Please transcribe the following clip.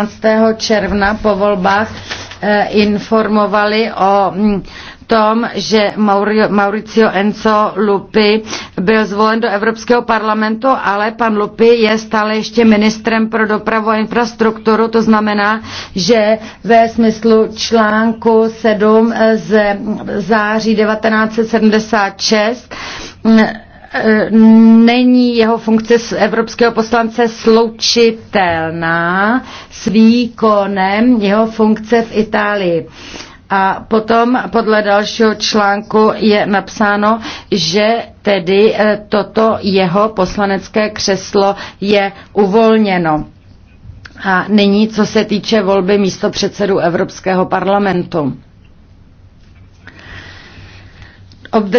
15. června po volbách eh, informovali o mm, tom, že Mauricio Enzo Lupi byl zvolen do Evropského parlamentu, ale pan Lupi je stále ještě ministrem pro dopravu a infrastrukturu, to znamená, že ve smyslu článku 7 z září 1976 E, není jeho funkce z evropského poslance sloučitelná s výkonem jeho funkce v Itálii. A potom podle dalšího článku je napsáno, že tedy e, toto jeho poslanecké křeslo je uvolněno. A nyní, co se týče volby místo Evropského parlamentu. Obdrž